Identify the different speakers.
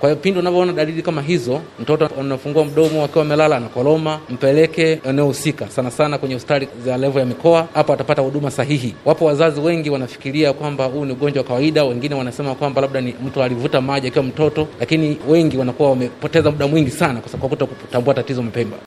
Speaker 1: Kwa hiyo pindi unavyoona dalili kama hizo, mtoto anafungua mdomo akiwa amelala koloma, mpeleke eneo husika, sana sana kwenye hospitali za levo ya mikoa. Hapo atapata huduma sahihi. Wapo wazazi wengi wanafikiria kwamba huu ni ugonjwa wa kawaida, wengine wanasema kwamba labda ni mtu alivuta maji akiwa mtoto, lakini wengi wanakuwa wamepoteza muda mwingi sana kwa kutambua tatizo mapema.